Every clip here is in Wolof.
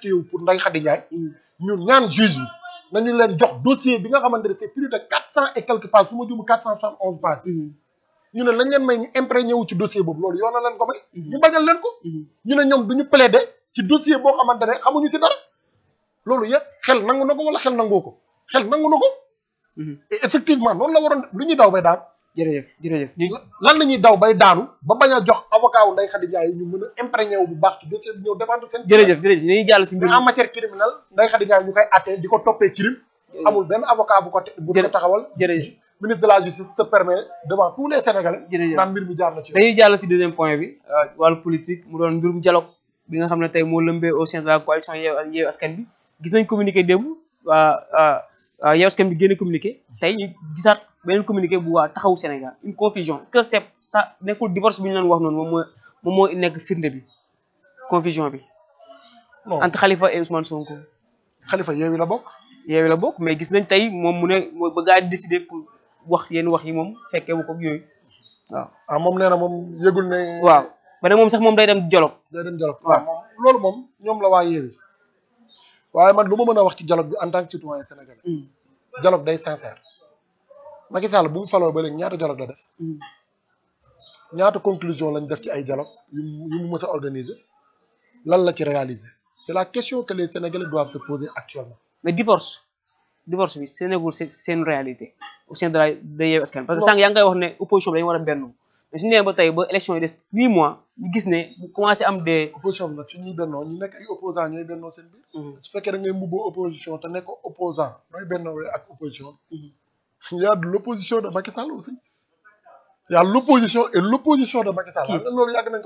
ci wu pour Ndeye Khady Ndiaye mm. ñun ñaan juge bi nañu leen jox dossier bi nga xamante ne c'est plus de quatre cent et quelques pages su ma juum quatre cent soixante onze pages mm. ñu ne lañ leen may ñu imprégné wu ci dossier boobu loolu yoon na leen ko may mm. ñu bañal leen ko ñu ne ñoom duñu plaider ci dossier boo xamante ne xamuñu ci dara loolu yëpp xel nangu na ko wala xel nangoo ko xel nangu na ko et effectivement noonu la waroon lu ñuy daw bay daal jërëjëf jërëjëf lan la ñuy daw bay daanu ba bañ a jox avocat wu Ndeye Khady Ndiaye ñu mën a imprégné wu bu baax ci dossier bi ñëw défendre seen jërëjëf jërëjëf dañuy jàll si mbir en matière criminelle Ndeye Khady Ndiaye ñu koy àtte di ko taxawal jërëjëf ministre la justice se permet devant tous les sénégalais jërëjëf naan mbir mi ci dañuy jàll si deuxième point bi euh, wàllu politique mu doon mbirum dialogue bi nga xam ne tey moo lëmbee au sein de la coalition Yewwi Askan bi gis nañ communiqué démb waa Yewwi Askan bi génn communiqué tey ñu gisaat beneen communiqué bu waa taxawu Sénégal une confusion est-ce que c'est nekkul divorce bi ñu doon wax noonu moom moo moom moo nekk firnde bi confusion bi. bon entre Khalifa et Ousmane Sonko. la bokk. bokk mais gis nañ tey moom mu ne mooy ba gaa yi décider wax yenn wax yi moom fekkee wu ko yooyu waaw. Ah, moom nee na moom yëgul ne. waaw ba ne moom sax moom day dem dialogue. day dem dialogue waaw ah, moom loolu moom ñoom la waa yeewi waaye man lu ma mën a wax ci dialogue bi en tant que citoyen sénégalais. Hmm. dialogue day sincère Macky Sall bu mu faloo ba léegi ñaata dialogue la def mm. ñaata conclusion lañ def ci ay dialogue yu mu yu mu mës a organiser lan la ci réaliser c'est la question que les Sénégalais doivent se poser actuellement. mais divorce divorce bi Sénégal seen réalité u sein de la de Yewwi Askan parce que sànq yaa wax ne opposition bi dañu war a benn. mais ba tey ba élection des huit mois ñu gis ne mu am de opposition bi nag suñuy bennoo ñu nekk ay opposant ñooy bennoo seen biir. Mhm. su fekkee da ngay mbubboo opposition te nekk opposant nooy bennoo ak opposition bi. y a de l' opposition de Macky aussi ya a l' opposition et l' opposition de Macky Sall. kii la loolu yàgg nañ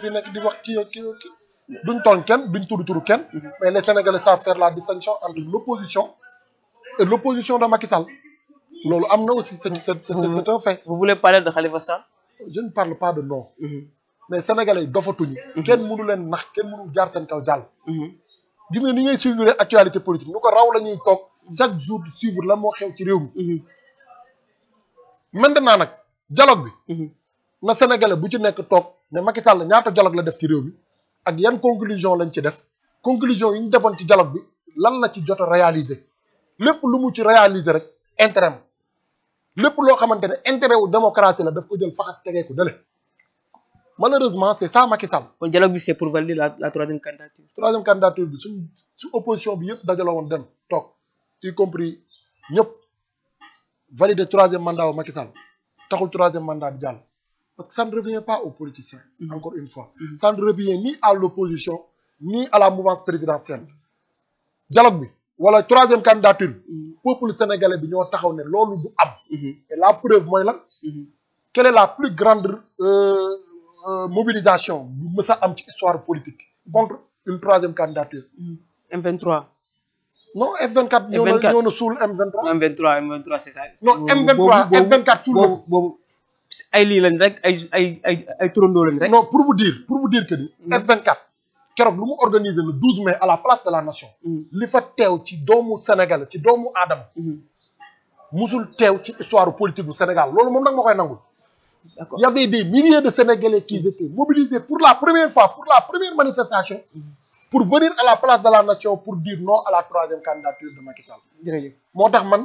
ko nekk di wax kii ak kii ak kii. duñ tooñ kenn duñ tudd turu mhm. la distinction entre l' opposition et l' opposition de Macky Sall. loolu am na aussi c'est c'est un fait. vous voulez parler de Khalifa Sall. je ne parle pas de nom. Mm-hmm. mais sénégalais yi dofatuñu. Mm-hmm. kenn mënu leen nax kenn mënu jaar seen kaw jàll. Mm-hmm. gis nga ni ngay suivre actualité politique nu ko raw la ñuy toog chaque jour di suivre lan moo xew ci réew mi. maintenant nag dialogue bi. na sénégalais bu ci nekk toog ne Macky Sall ñaata dialogue la def ci réew mi ak yan conclusion lañ ci def conclusion yi ñu defoon ci dialogue bi lan la ci jot a réaliser lépp lu mu ci réaliser rek intérêt lépp loo xamante ne intérêt wu démocratie la daf ko jël faxat tegee ko dale malheureusement c'est ça Macky Sall. kon dialogue bi c'est pour valider la troisième candidature. troisième candidature bi su opposition bi yëpp dajaloo woon dem toog y compris ñëpp valider troisième mandat wu Macky Sall taxul troisième mandat bi jàll. parce que ça ne revient pas aux politiciens. Mm-hmm. encore une mm-hmm. ni à l'opposition ni à la mouvance présidentielle. dialogue bi wala troisième candidature peuple sénégalais bi ñoo taxaw ne loolu du am. Mhm. et la preuve mooy la mhm. quelle est la plus grande euh, euh, mobilisation bu mës a am ci histoire politique contre une troisième candidature. M23. Mhm. non F24. ñoo na ñoo na suul M23. M23 m c'est ça. non M23 F24 suul boobu boobu ay lii lañ rek ay ay ay ay turandoo lañ rek. non pour vous dire pour vous dire que ni. f keroog lu mu organisé le 12 mai à la place de la nation. Mm. li fa teew ci doomu Sénégal ci doomu aadama. Mm-hmm. musul teew ci histoire politique bu Sénégal loolu moom nag ma koy nangul. d'accord y avait des milliers de Sénégalais qui mm-hmm. étaient mobilisés pour la première fois pour la première manifestation. Mm-hmm. pour venir à la place de la nation pour dire non à la troisième candidature de Macky moo tax man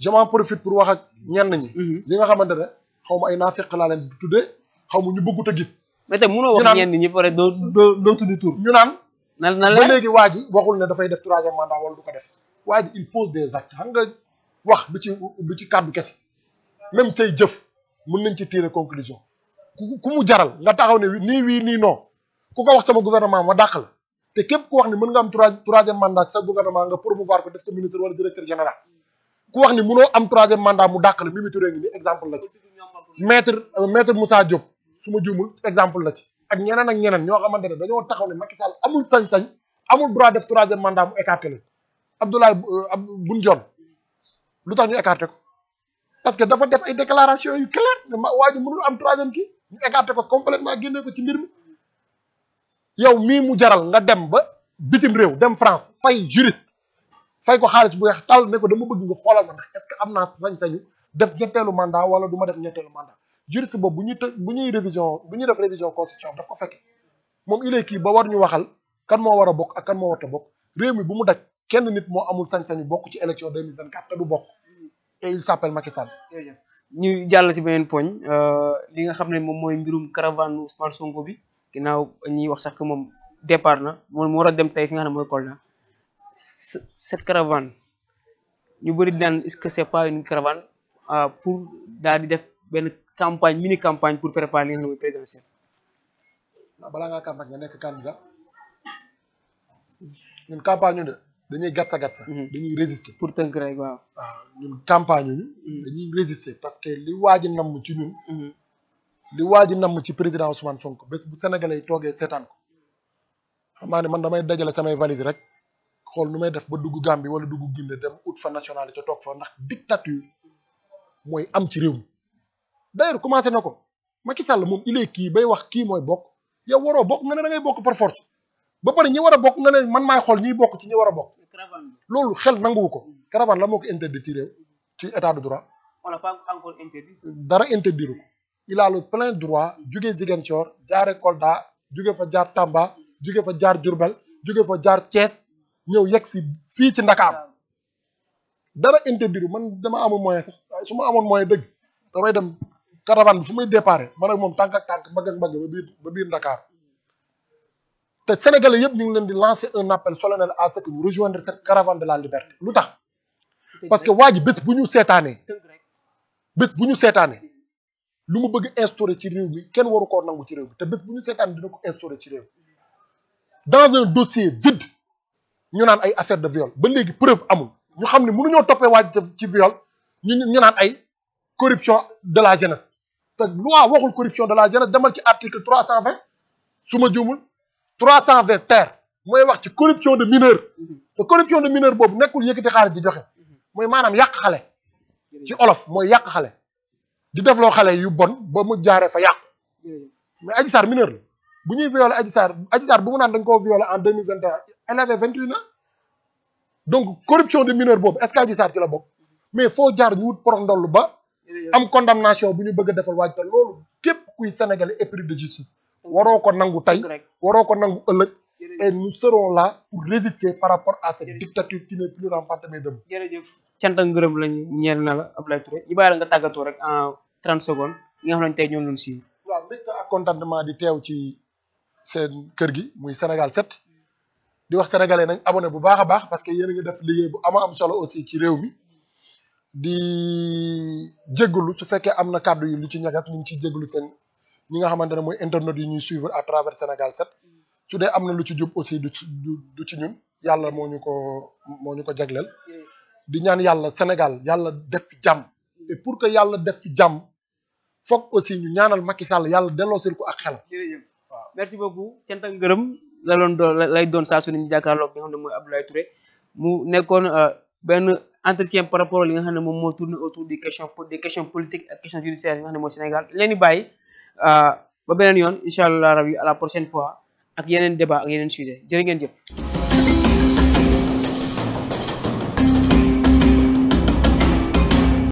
je profit pour wax ak ñenn ñi. li nga xamante ne xaw ma ay naafeq laa leen di tuddee xaw ma ñu bëggut a gis. mais te mënoo wax ñenn ñi pare doo doo doo ñu naan na na la léegi waa ji waxul ne dafay def troisième mandat wala du ko def waa ji il pose des actes wax du ci du ci kàddu kese même say jëf mën nañ ci tirer conclusion ku ku mu jaral nga taxaw ne nii wii nii non ku ko wax sama gouvernement ma dàq la te képp ku wax ni mën nga am troisième mandat sa gouvernement nga promouvoir ko def ko ministre wala directeur général ku wax ni munoo am troisième mandat mu dàq la Mimi Touré ngi ni exemple la ci maître euh, maître su ma juumul exemple la ci ak ñeneen ak ñeneen ñoo xamante ne dañoo taxaw ne Macky Sall amul sañ-sañ amul droit def troisième mandat mu écarté leen Abdoulaye euh, Boun Dionne lu tax ñu écarté ko parce que dafa def ay déclaration yu clair ne ma waa ji am troisième kii ñu écarté ko complètement génne ko ci mbir mi yow mii mu jaral nga dem ba bitim réew dem France fay juriste fay ko xaalis bu weex tàll ne ko dama bëgg nga xoolal ma ndax est-ce que am naa sañ-sañu def ñetteelu mandat wala du ma def ñetteelu mandat juriste boobu bu ñuy bu ñuy révision bu ñuy def révision constitution daf ko fekke moom il est kii ba war ñu waxal kan moo war a bokk ak kan moo warta bokk réew mi bu mu daj kenn nit moo amul sañ-sañu bokk ci élection 2024 te du bokk et il s'appelle Macky Sall ñu jàll si beneen poñ euh, li nga xam ne moom mooy mbirum caravane Ousmane songo bi ginnaaw ñuy wax sax moom départ na moom moo war a dem tey fi nga xam ne mooy Kolda cette caravane ñu bëri di naan est-ce que c'est euh, daal di def campagne mini campagne pour préparer li nga xam ne balaa ngaa campagne nga nekk candidat ñun campagne ñu de dañuy gatsa gatsa. Mhm. dañuy résister. pour tënk rek waaw. Ah, ñun campagne ñu. Mhm. dañuy résister parce que li waaj a namm ci ñun. Mhm. li waaj a namm ci président Ousmane Sonko bés bu Sénégalais yi toogee seetaan ko xam man damay dajale samay valise rek xool nu may def ba dugg Gambie wala dugg Guinée dem ut fa nationalité toog fa ndax dictature mooy am ci réew d'ailleurs commencé na ko Macky Sall moom il est kii bay wax kii mooy bokk yow waroo bokk nga ne da ngay bokk par force ba pare ñi war a bokk nga ne man maay xool ñiy bokk ci ñi war a bokk. loolu xel nanguwu ko. caravane la moo ko interdit ci réew ci état de droit. wala pas encore interdit. dara interdiru ko il a le plein droit jóge Ziguinchor jaare Kolda jóge fa jaar Tamba jóge fa jaar Diourbel jóge fa jaar Thiès ñëw yegg si fii ci Ndakaam dara interdiru man dama amoon moyen sax su ma amoon moyen dëgg damay dem. caravane bi fu muy déparé man ak moom tànk ak tànk mbagg ba biir ba biir Dakar te sénégalais yëpp ñu ngi leen di lancer un appel solennel à ce que ñu rejoindre cette caravane de la liberté lu tax parce que waa ji bés bu ñu seetaanee bés bu ñu seetaanee lu mu bëgg instaurer ci réew bi kenn waru koo nangu ci réew bi te bés bu ñu seetaanee dina ko instaurer ci réew mi dans un dossier vide ñu naan ay affaire de viol ba léegi preuve amul ñu xam ne mënuñoo toppee waa ji ci viol ñu ñu naan ay corruption de la jeunesse te loi waxul corruption de la jeunesse demal ci article trois cent vingt su ma juumul trois cent vingt terre mooy wax ci corruption de mineur te corruption boobu nekkul yëkkati xaalis ji joxe mooy maanaam yàq xale ci olof mooy yàq xale di def loo xale yu bon ba mu jaaree fa yàqu mais Adji Sarr mineur la bu ñuy violé Adji Sarr bu mu naan dañ koo violé en deux mille vingt et un elle avait vingt et un ans donc corruption de mineur boobu est-ce que Adji Sarr ci la bokk mais foo jaar ñu wut porondoll ba am condamnation bu ñu bëgg a defal waaj te loolu képp kuy sénégale épris de justice waroo ko nangu tey waroo ko nangu ëllëg et nous serons là pour résister par rapport à cette dictature qui n'est plus rempante mais debout. jërëjëf cant ak ngërëm la Abdoulaye Touré ñu nga tàggatoo rek en 30 secondes ñi nga tey ñoo doon suivre. waaw mbégte ak contentement di teew ci seen kër gi muy Sénégal 7 di wax sénégalais nañ abonné bu baax a baax parce que yéen a ngi def liggéey bu ama am solo aussi ci réew mi. di jéggalu su fekkee am na kàddu yu lu ci ñagas ñu ngi ciy jéggalu seen ñi nga xamante ne mooy internet yu ñuy suivre à travers Sénégal set su dee am na lu ci jub aussi du du ci ñun yàlla moo ñu ko moo ñu ko jagleel di ñaan yàlla Sénégal yàlla def fi jàmm pour que yàlla def fi jàmm foog aussi ñu ñaanal Macky Sall yàlla delloosil ko ak xel. jërëjëf waaw merci beaucoup cant ak ngërëm la doon lay doon saa ñu jàkkaarloog nga xam ne mooy mu nekkoon euh, benn. entretien par rapport li nga xam ne moom moo tourné autour des questions des questions politiques ak questions judiciaires nga xam ne mooy Sénégal leen di bàyyi euh, ba beneen yoon incha allah rabi à la prochaine fois ak yeneen débat ak yeneen sujet jërë ngeen jëf